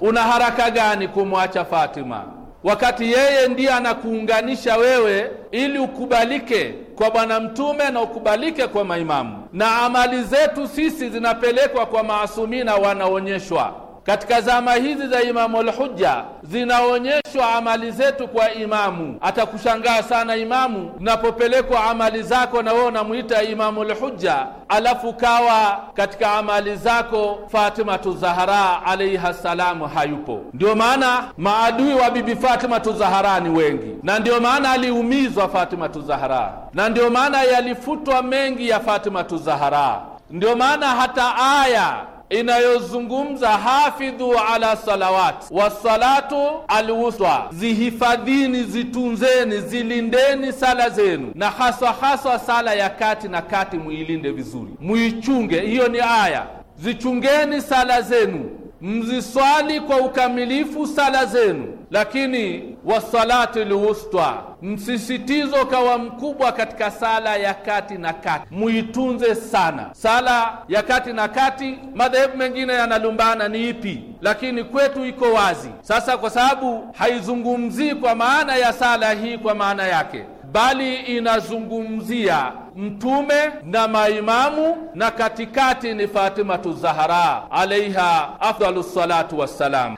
Una haraka gani kumwacha Fatima, wakati yeye ndiye anakuunganisha wewe ili ukubalike kwa Bwana Mtume na ukubalike kwa maimamu, na amali zetu sisi zinapelekwa kwa maasumina, wanaonyeshwa katika zama hizi za Imamu Alhujja zinaonyeshwa amali zetu kwa imamu. Atakushangaa sana imamu napopelekwa amali zako, na wewe unamwita Imamu Alhujja, alafu kawa katika amali zako Fatimatu Zahara alaiha salamu hayupo. Ndio maana maadui wa Bibi Fatimatu Zahara ni wengi, na ndio maana aliumizwa Fatimatu Zahara, na ndio maana yalifutwa mengi ya Fatimatu Zahara, ndio maana hata aya inayozungumza hafidhu ala salawat wassalatu alwusta, zihifadhini, zitunzeni, zilindeni sala zenu, na haswa haswa sala ya kati na kati muilinde vizuri, muichunge. Hiyo ni aya, zichungeni sala zenu mziswali kwa ukamilifu sala zenu, lakini wasalati lwusta, msisitizo kawa mkubwa katika sala ya kati na kati, muitunze sana sala ya kati na kati. Madhehebu mengine yanalumbana ni ipi, lakini kwetu iko wazi. Sasa kwa sababu haizungumzii kwa maana ya sala hii kwa maana yake bali inazungumzia mtume na maimamu na katikati ni Fatimatu Zahara alaiha afdalu salatu wassalam.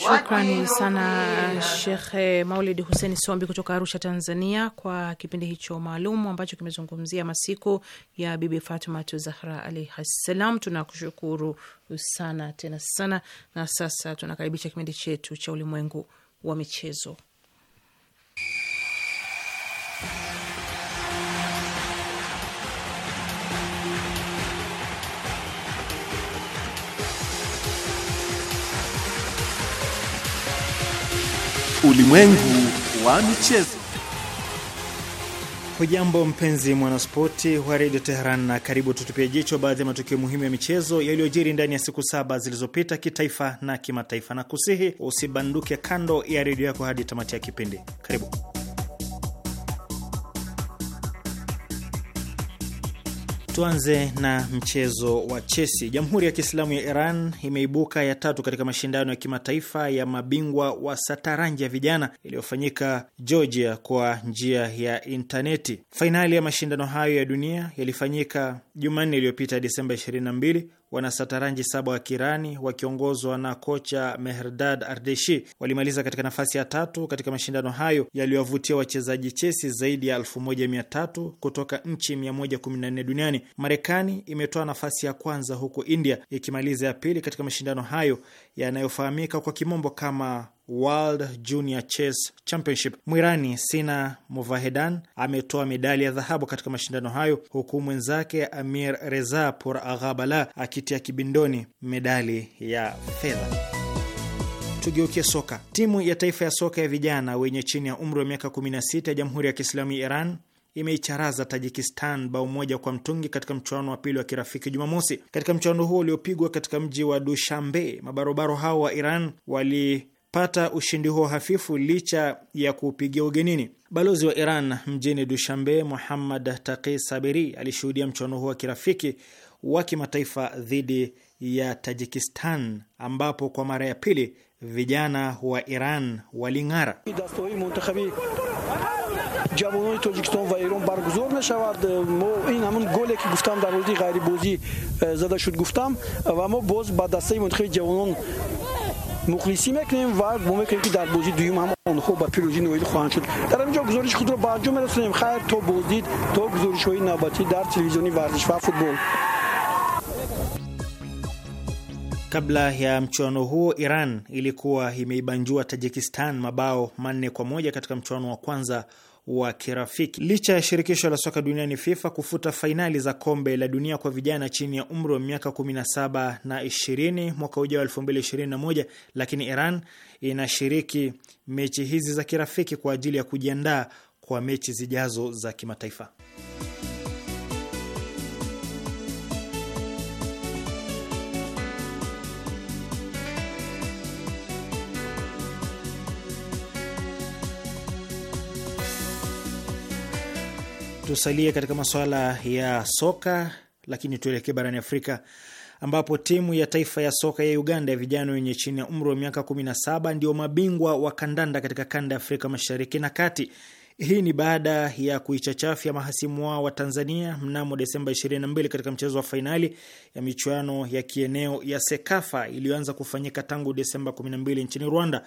Shukrani sana Shekhe eh, Maulid Huseni Sombi kutoka Arusha, Tanzania, kwa kipindi hicho maalum ambacho kimezungumzia masiku ya Bibi Fatimatu Zahra alaihi ssalam Tunakushukuru sana tena sana, na sasa tunakaribisha kipindi chetu cha ulimwengu wa michezo. Ulimwengu wa michezo. Hujambo mpenzi mwanaspoti wa redio Teheran na karibu, tutupia jicho baadhi ya matukio muhimu ya michezo yaliyojiri ndani ya siku saba zilizopita kitaifa na kimataifa, na kusihi usibanduke kando ya redio yako hadi tamati ya kipindi. Karibu. Tuanze na mchezo wa chesi. Jamhuri ya Kiislamu ya Iran imeibuka ya tatu katika mashindano ya kimataifa ya mabingwa wa sataranji ya vijana iliyofanyika Georgia kwa njia ya intaneti. Fainali ya mashindano hayo ya dunia yalifanyika Jumanne iliyopita Desemba 22 wanasataranji saba wa Kirani wakiongozwa na kocha Mehrdad Ardeshi walimaliza katika nafasi ya tatu katika mashindano hayo yaliyowavutia wachezaji chesi zaidi ya 1300 kutoka nchi 114 duniani. Marekani imetoa nafasi ya kwanza huku India ikimaliza ya pili katika mashindano hayo yanayofahamika kwa kimombo kama World Junior Chess Championship. Mwirani Sina Movahedan ametoa medali ya dhahabu katika mashindano hayo huku mwenzake Amir Reza Por Aghabala akitia kibindoni medali ya fedha. Tugeukie soka. Timu ya taifa ya soka ya vijana wenye chini ya umri wa miaka 16 ya Jamhuri ya Kiislamu ya Iran imeicharaza Tajikistan bao moja kwa mtungi katika mchuano wa pili wa kirafiki Jumamosi. Katika mchuano huo uliopigwa katika mji wa Dushambe, mabarobaro hao wa Iran walipata ushindi huo hafifu licha ya kuupigia ugenini. Balozi wa Iran mjini Dushambe, Muhammad Taqi sabiri alishuhudia mchuano huo wa kirafiki wa kimataifa dhidi ya Tajikistan ambapo kwa mara ya pili vijana wa Iran waling'ara. ҷавонони тоҷикистон ва эрон баргузор мешавад э, мо ин ҳамон голе ки гуфтам дар ҳолати ғайрибозӣ э, зада шуд гуфтам ва мо боз ба дастаи мунтихаби ҷавонон мухлисӣ мекунем ва гумон мекунем ки дар бозии дуюм ҳам онҳо ба пирӯзӣ ноил хоҳанд шуд дар ҳамин ҷо гузориши худро ба анҷом мерасонем хайр то боздид то гузоришҳои навбатӣ дар телевизиони варзиш ва футбол kabla ya mchuano huo iran ilikuwa imeibanjua tajikistan mabao manne kwa moja katika mchuano wa kwanza wa kirafiki. Licha ya shirikisho la soka duniani FIFA kufuta fainali za kombe la dunia kwa vijana chini ya umri wa miaka 17 na 20 mwaka ujao 2021, lakini Iran inashiriki mechi hizi za kirafiki kwa ajili ya kujiandaa kwa mechi zijazo za kimataifa. Tusalie katika masuala ya soka, lakini tuelekee barani Afrika ambapo timu ya taifa ya soka ya Uganda ya vijana wenye chini ya umri wa miaka 17 ndio mabingwa wa kandanda katika kanda ya Afrika Mashariki na Kati. Hii ni baada ya kuichachafya mahasimu wao wa Tanzania mnamo Desemba 22 katika mchezo wa fainali ya michuano ya kieneo ya SEKAFA iliyoanza kufanyika tangu Desemba 12 nchini Rwanda.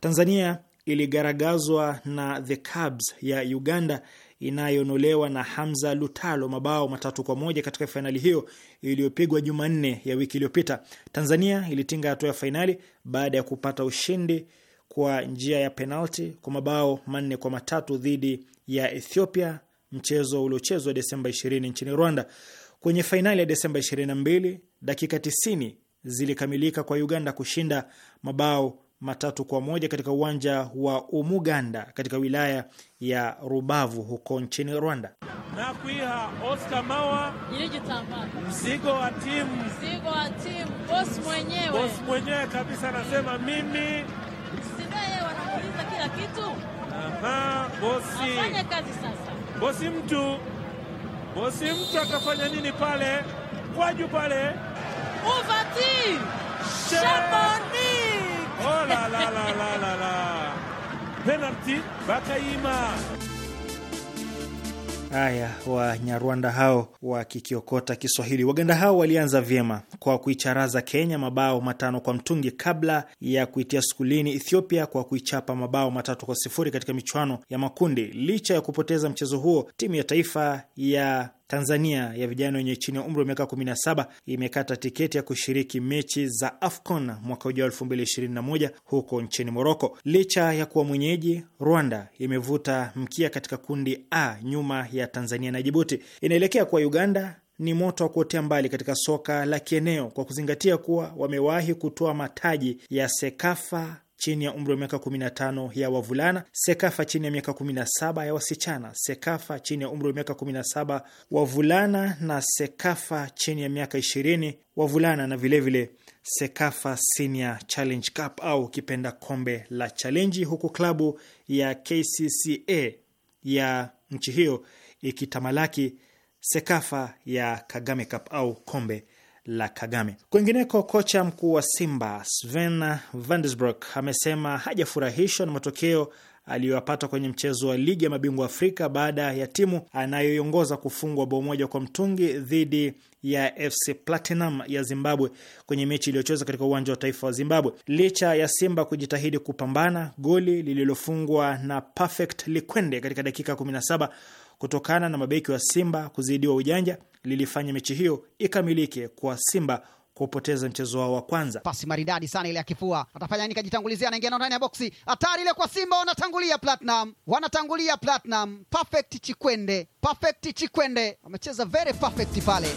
Tanzania iligaragazwa na the Cubs ya Uganda inayonolewa na Hamza Lutalo mabao matatu kwa moja katika fainali hiyo iliyopigwa Jumanne ya wiki iliyopita. Tanzania ilitinga hatua ya fainali baada ya kupata ushindi kwa njia ya penalti kwa mabao manne kwa matatu dhidi ya Ethiopia, mchezo uliochezwa Desemba 20 nchini Rwanda. Kwenye fainali ya Desemba 22, dakika 90 zilikamilika kwa Uganda kushinda mabao matatu kwa moja katika uwanja wa Umuganda katika wilaya ya Rubavu huko nchini Rwanda. Nakwiha Oscar Mawa mzigo wa timu, mzigo wa timu, bosi mwenyewe, bosi mwenyewe kabisa, anasema mimi sidaye, wanamuuliza kila kitu. Aha, bosi afanye kazi sasa, bosi mtu, bosi mtu akafanya nini pale kwaju pale uvati shabani Oh là là là là là là. Penalty Bakaima. Haya, Wanyarwanda hao wakikiokota Kiswahili. Waganda hao walianza vyema kwa kuicharaza Kenya mabao matano kwa mtungi kabla ya kuitia skulini Ethiopia kwa kuichapa mabao matatu kwa sifuri katika michuano ya makundi. Licha ya kupoteza mchezo huo, timu ya taifa ya Tanzania ya vijana wenye chini ya umri wa miaka 17 imekata tiketi ya kushiriki mechi za AFCON mwaka ujao 2021 huko nchini Moroko. Licha ya kuwa mwenyeji, Rwanda imevuta mkia katika kundi A nyuma ya Tanzania na Jibuti. Inaelekea kuwa Uganda ni moto wa kuotea mbali katika soka la kieneo kwa kuzingatia kuwa wamewahi kutoa mataji ya Sekafa chini ya umri wa miaka 15 ya wavulana, SEKAFA chini ya miaka 17 ya wasichana, SEKAFA chini ya umri wa miaka 17 wavulana na SEKAFA chini ya miaka 20 wavulana na vilevile vile SEKAFA Senior Challenge Cup au kipenda kombe la Challenge, huku klabu ya KCCA ya nchi hiyo ikitamalaki SEKAFA ya Kagame Cup au kombe la Kagame. Kwingineko, kocha mkuu wa Simba Sven Vandesbrok amesema hajafurahishwa na matokeo aliyoyapata kwenye mchezo wa ligi ya mabingwa Afrika baada ya timu anayoiongoza kufungwa bao moja kwa mtungi dhidi ya FC Platinum ya Zimbabwe kwenye mechi iliyocheza katika uwanja wa taifa wa Zimbabwe. Licha ya Simba kujitahidi kupambana, goli lililofungwa na Perfect Likwende katika dakika saba kutokana na mabeki wa Simba kuzidiwa ujanja lilifanya mechi hiyo ikamilike kwa Simba kupoteza mchezo wao wa kwanza. Pasi maridadi sana ile ya kifua, atafanya nini? Kajitangulizia, anaingia ndani ya boksi, hatari ile kwa Simba. Wanatangulia Platinum, wanatangulia Platinum. Perfect Chikwende, perfect Chikwende wamecheza very perfect pale.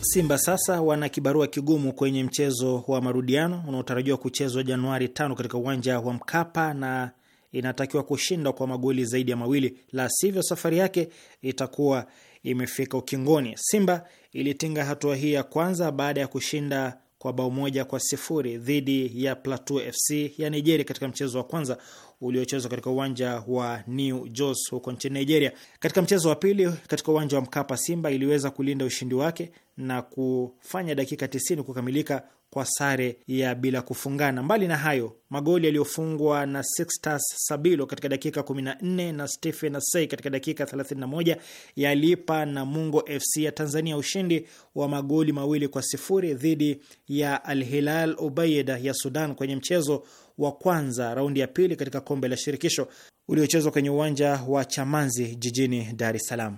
Simba sasa wana kibarua kigumu kwenye mchezo wa marudiano unaotarajiwa kuchezwa Januari tano katika uwanja wa Mkapa na inatakiwa kushinda kwa magoli zaidi ya mawili, la sivyo safari yake itakuwa imefika ukingoni. Simba ilitinga hatua hii ya kwanza baada ya kushinda kwa bao moja kwa sifuri dhidi ya Plateau FC ya Nigeria katika mchezo wa kwanza uliochezwa katika uwanja wa New Jos huko nchini Nigeria. Katika mchezo wa pili katika uwanja wa Mkapa, Simba iliweza kulinda ushindi wake na kufanya dakika 90 kukamilika kwa sare ya bila kufungana. Mbali na hayo, magoli yaliyofungwa na Sixtus Sabilo katika dakika 14 na Stephen Asai katika dakika 31 yalipa mungo FC ya Tanzania ushindi wa magoli mawili kwa sifuri dhidi ya Al Hilal Ubaida ya Sudan kwenye mchezo wa kwanza raundi ya pili katika kombe la shirikisho uliochezwa kwenye uwanja wa Chamanzi jijini Dar es Salaam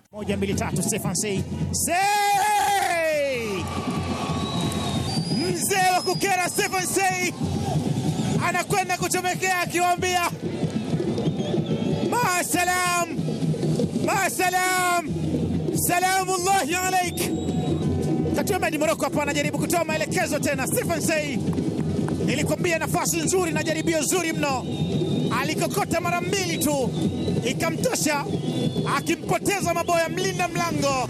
mzee wa kukera Stephen Sei anakwenda kuchomekea akiwaambia masalam masalam salamullahi alaik. Tatuemedi Moroko hapa anajaribu kutoa maelekezo tena. Stephen Sei, nilikwambia nafasi nzuri na jaribio zuri mno, alikokota mara mbili tu ikamtosha, akimpoteza maboya mlinda mlango.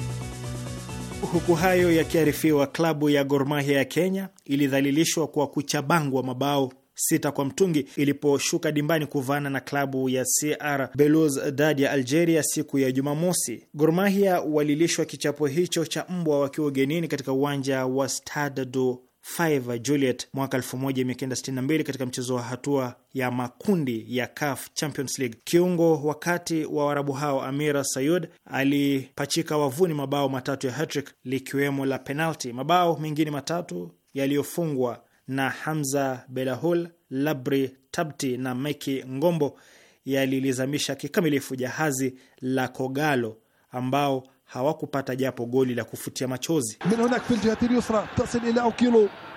Huku hayo yakiarifiwa, klabu ya Gor Mahia ya Kenya ilidhalilishwa kwa kuchabangwa mabao sita kwa mtungi iliposhuka dimbani kuvaana na klabu ya CR Belouizdad ya Algeria siku ya Jumamosi. Gor Mahia walilishwa kichapo hicho cha mbwa wakiwa ugenini katika uwanja wa Stade do 5 Juliet mwaka 1962 katika mchezo wa hatua ya makundi ya CAF Champions League. Kiungo wakati wa Waarabu hao Amira Sayud alipachika wavuni mabao matatu ya hatrick likiwemo la penalti. Mabao mengine matatu yaliyofungwa na Hamza Belahul, Labri Tabti na Meki Ngombo yalilizamisha kikamilifu jahazi la Kogalo ambao hawakupata japo goli la kufutia machozi.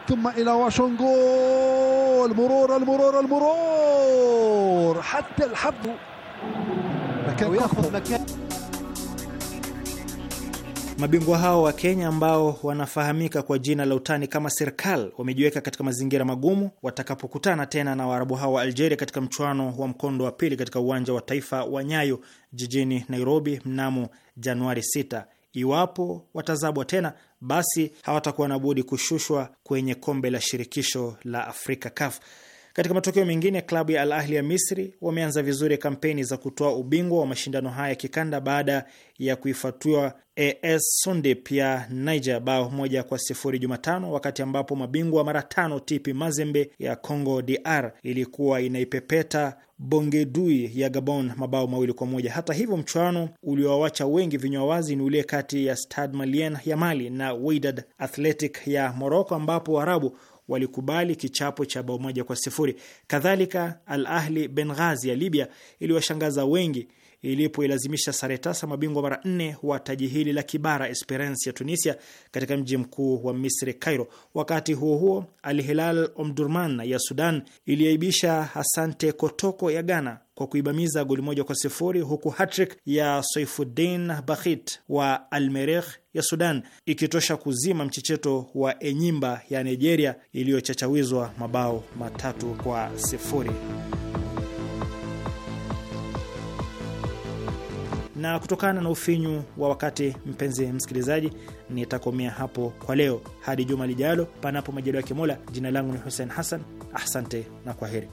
thumma ila washongo almurur almurur almurur hatta alhaddu Mabingwa hao wa Kenya ambao wanafahamika kwa jina la utani kama Serikal wamejiweka katika mazingira magumu watakapokutana tena na Waarabu hao wa Algeria katika mchuano wa mkondo wa pili katika uwanja wa taifa wa Nyayo jijini Nairobi mnamo Januari 6. Iwapo watazabwa tena, basi hawatakuwa na budi kushushwa kwenye kombe la shirikisho la Afrika, CAF. Katika matokeo mengine, klabu ya Al Ahli ya Misri wameanza vizuri kampeni za kutoa ubingwa wa mashindano haya ya kikanda baada ya kuifatua AS Sundip ya Niger bao moja kwa sifuri Jumatano, wakati ambapo mabingwa mara tano TP Mazembe ya Congo DR ilikuwa inaipepeta Bongedui ya Gabon mabao mawili kwa moja. Hata hivyo, mchuano uliowawacha wengi vinywa wazi ni ule kati ya stad Malien ya Mali na Wydad Athletic ya moroko ambapo Waarabu walikubali kichapo cha bao moja kwa sifuri. Kadhalika, Al Ahli Benghazi ya Libya iliwashangaza wengi ilipoilazimisha sare tasa mabingwa mara nne wa taji hili la kibara Esperance ya Tunisia katika mji mkuu wa Misri, Cairo. Wakati huo huo, Al Hilal Omdurman ya Sudan iliaibisha Asante Kotoko ya Ghana kwa kuibamiza goli moja kwa sifuri huku hatrick ya soifudin Bakhit wa Almerekh ya Sudan ikitosha kuzima mchecheto wa Enyimba ya Nigeria iliyochachawizwa mabao matatu kwa sifuri. na kutokana na ufinyu wa wakati, mpenzi msikilizaji, nitakomea hapo kwa leo. Hadi juma lijalo, panapo majaliwa ya kimola Jina langu ni Hussein Hassan, asante na kwa heri.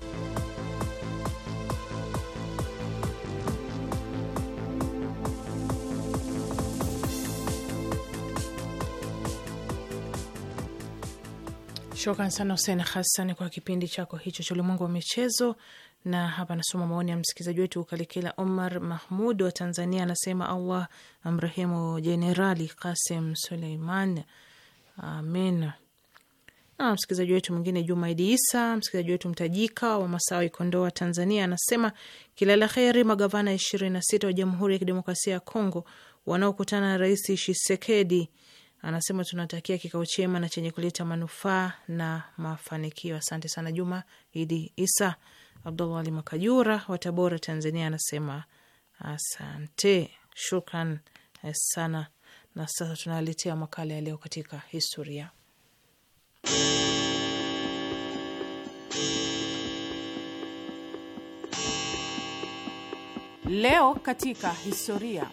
Shukran sana Hussein Hassan kwa kipindi chako hicho cha ulimwengu wa michezo na hapa nasoma maoni ya msikilizaji wetu Kalikila Omar Mahmud wa Tanzania, anasema Allah amrehemu Jenerali Kasim Suleiman, amin. Na msikilizaji wetu mwingine Jumaidi Isa, msikilizaji wetu mtajika wa Masawi, Kondoa, Tanzania, anasema kila la heri magavana ishirini na sita wa Jamhuri ya Kidemokrasia ya Kongo wanaokutana na Rais Tshisekedi. Anasema tunatakia kikao chema na chenye kuleta manufaa na mafanikio. Asante sana Juma Idi Isa. Abdullah Ali Makajura wa Tabora, Tanzania, anasema asante, shukran eh, sana. Na sasa tunaletea makala ya leo katika historia Leo katika historia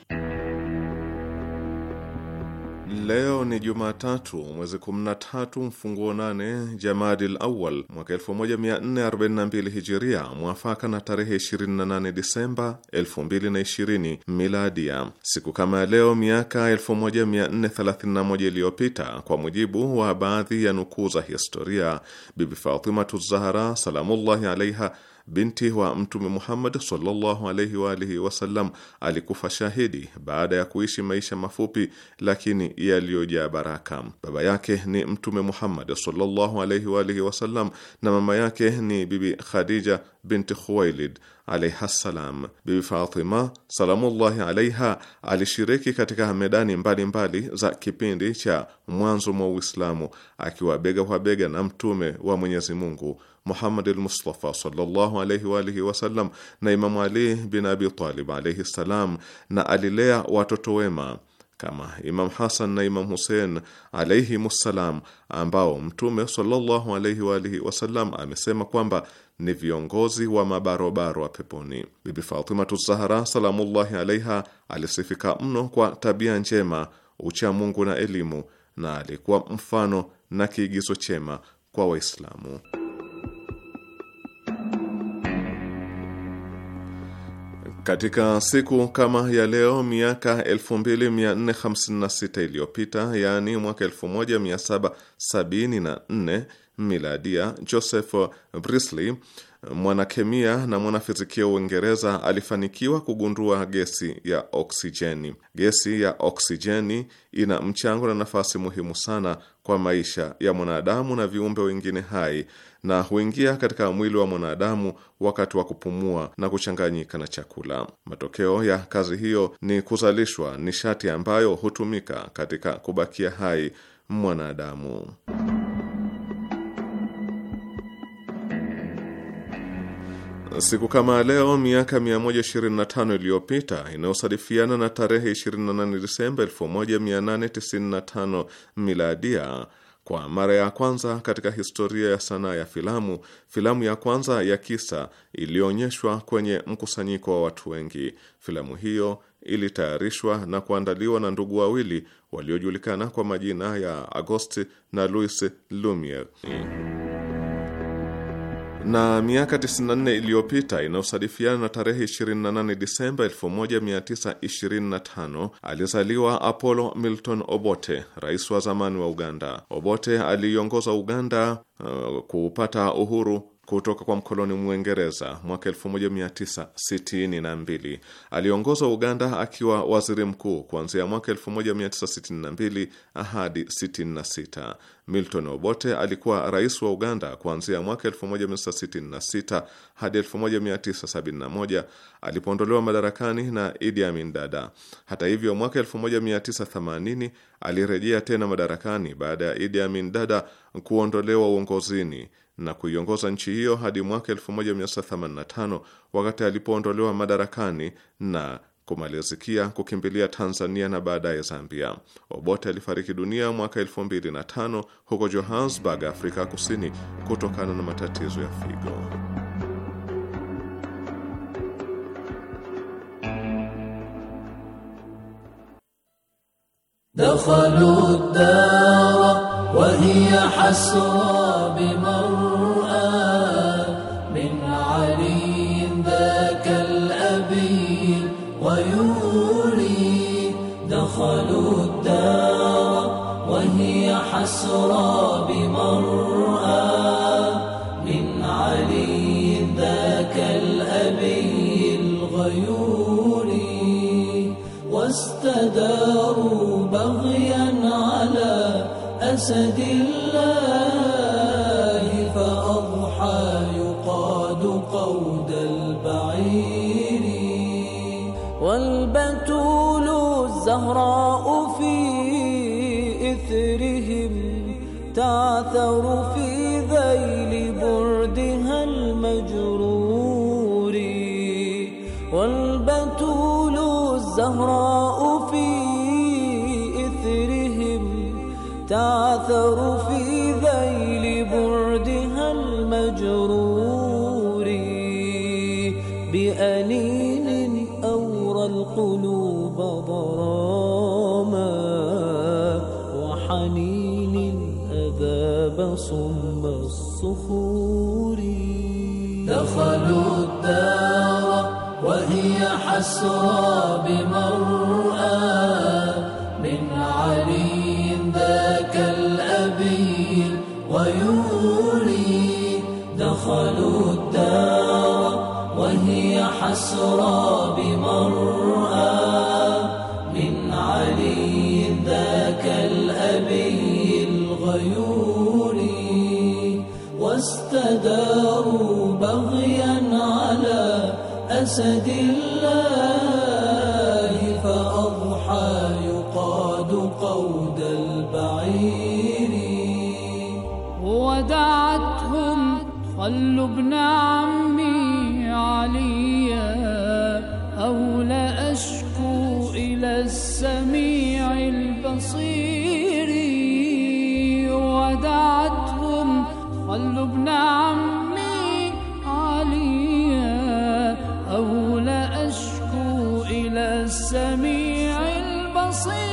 Leo ni Jumatatu, mwezi 13 mfunguo 8 Jamadil Awal mwaka 1442 Hijiria, mwafaka na tarehe 28 Disemba 2020 Miladia. Siku kama ya leo miaka 1431 iliyopita, kwa mujibu wa baadhi ya nukuu za historia, Bibi Fatimatu Zahra salamullahi alaiha binti wa Mtume Muhammad sallallahu alaihi wa alihi wasallam alikufa shahidi baada ya kuishi maisha mafupi lakini yaliyojaa baraka. Baba yake ni Mtume Muhammad sallallahu alaihi wa alihi wasallam na mama yake ni Bibi Khadija binti Khuwailid alaiha salam. Bibi Fatima salamullahi alaiha alishiriki katika medani mbalimbali mbali za kipindi cha mwanzo mwa Uislamu akiwa bega kwa bega na Mtume wa Mwenyezi Mungu Muhammad al-Mustafa sallallahu alayhi wa alihi wasallam na Imamu Ali bin Abi Talib alayhi salam, na alilea watoto wema kama Imam Hasan na Imam Hussein alayhimussalam, ambao Mtume sallallahu alayhi wa alihi wasallam amesema kwamba ni viongozi wa mabarobaro wa peponi. Bibi Fatima Tuzahara salamullahi alaiha alisifika mno kwa tabia njema, uchamungu na elimu, na alikuwa mfano na kiigizo chema kwa Waislamu. Katika siku kama ya leo miaka 2456 iliyopita, yaani mwaka 1774 miladia, Joseph brisley mwanakemia na mwanafizikia wa Uingereza alifanikiwa kugundua gesi ya oksijeni. Gesi ya oksijeni ina mchango na nafasi muhimu sana kwa maisha ya mwanadamu na viumbe wengine hai na huingia katika mwili wa mwanadamu wakati wa kupumua na kuchanganyika na chakula. Matokeo ya kazi hiyo ni kuzalishwa nishati ambayo hutumika katika kubakia hai mwanadamu. Siku kama leo miaka 125 iliyopita inayosadifiana na tarehe 28 Disemba 1895 miladia, kwa mara ya kwanza katika historia ya sanaa ya filamu, filamu ya kwanza ya kisa iliyoonyeshwa kwenye mkusanyiko wa watu wengi. Filamu hiyo ilitayarishwa na kuandaliwa na ndugu wawili waliojulikana kwa majina ya Auguste na Louis Lumiere na miaka 94 iliyopita inayosadifiana na tarehe 28 Disemba 1925 alizaliwa Apollo Milton Obote, rais wa zamani wa Uganda. Obote aliiongoza Uganda uh, kupata uhuru kutoka kwa mkoloni Mwingereza mwaka 1962. Aliongoza Uganda akiwa waziri mkuu kuanzia mwaka 1962 hadi 66. Milton Obote alikuwa rais wa Uganda kuanzia mwaka 1966 hadi 1971 alipoondolewa madarakani na Idi Amin Dada. Hata hivyo, mwaka 1980 alirejea tena madarakani baada ya Idi Amin Dada kuondolewa uongozini na kuiongoza nchi hiyo hadi mwaka 1985 wakati alipoondolewa madarakani na kumalizikia kukimbilia Tanzania na baadaye Zambia. Obote alifariki dunia mwaka 2005 huko Johannesburg, Afrika Kusini kutokana na matatizo ya figo. Dakhalu dara wa hiya hasra أسرى بمرأى من علي ذاك الأبي الغيور واستداروا بغيا على أسد الله فأضحى يقاد قود البعير والبتول الزهراء الأثر في الصخور دخلوا الدار وهي حسرى بمرأة من علي ذاك الأبي ويوري دخلوا الدار وهي حسرى أسد الله فأضحى يقاد قود البعير ودعتهم خل ابن sleep.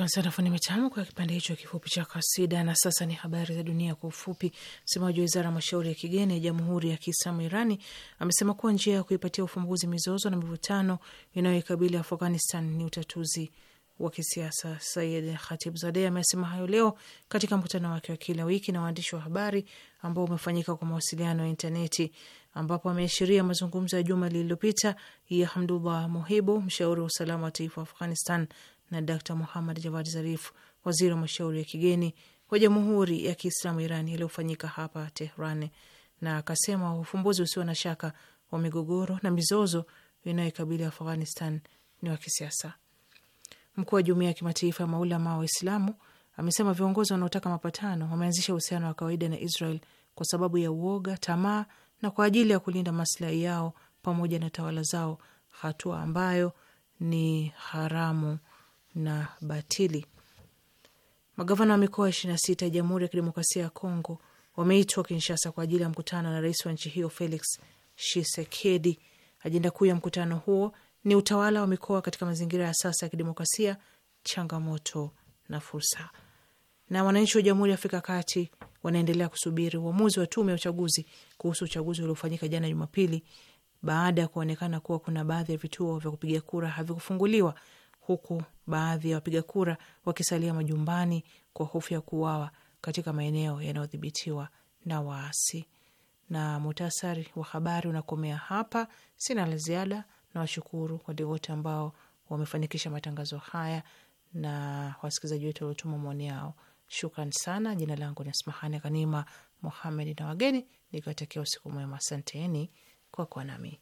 Shukran sana fundi mitamu kwa kipande hicho kifupi cha kasida. Na sasa ni habari za dunia kwa ufupi. Msemaji wa wizara ya mashauri ya kigeni ya Jamhuri ya Kiislamu Irani amesema kuwa njia ya kuipatia ufumbuzi mizozo na mivutano inayoikabili Afghanistan ni utatuzi wa kisiasa. Sayid Khatibzadeh amesema hayo leo katika mkutano wake wa kila wiki na waandishi wa habari ambao umefanyika kwa mawasiliano ya intaneti, ambapo ameashiria mazungumzo ya juma lililopita ya Hamdullah Mohibu, mshauri wa usalama wa taifa wa Afghanistan na Dkt Muhamad Javad Zarif, waziri wa mashauri ya kigeni wa Jamhuri ya Kiislamu Iran yaliyofanyika hapa Tehran, na akasema ufumbuzi usio na shaka wa migogoro na mizozo inayoikabili Afghanistan ni wa kisiasa. Mkuu wa Jumuia ya Kimataifa ya Maulama Waislamu amesema viongozi wanaotaka mapatano wameanzisha uhusiano wa kawaida na Israel kwa sababu ya uoga, tamaa na kwa ajili ya kulinda maslahi yao pamoja na tawala zao, hatua ambayo ni haramu na batili. Magavana wa mikoa ishirini na sita ya Jamhuri ya Kidemokrasia ya Kongo wameitwa Kinshasa kwa ajili ya mkutano na rais wa nchi hiyo Felix Tshisekedi. Ajenda kuu ya mkutano huo ni utawala wa mikoa katika mazingira ya sasa ya kidemokrasia, changamoto na fursa. Na wananchi wa Jamhuri ya Afrika ya Kati wanaendelea kusubiri uamuzi wa tume ya uchaguzi kuhusu uchaguzi uliofanyika jana Jumapili baada ya kuonekana kuwa kuna baadhi ya vituo vya kupiga kura havikufunguliwa huku baadhi ya wapiga kura wakisalia majumbani kwa hofu ya kuuawa katika maeneo yanayodhibitiwa na waasi. Na muhtasari wa habari unakomea hapa. Sina la ziada na washukuru wale wote ambao wamefanikisha matangazo haya na wasikilizaji wetu waliotuma maoni yao. Shukran sana. Jina langu ni Asmahani Kanima Muhamed na wageni nikiwatakia usiku mwema. Asanteni kwa kuwa nami.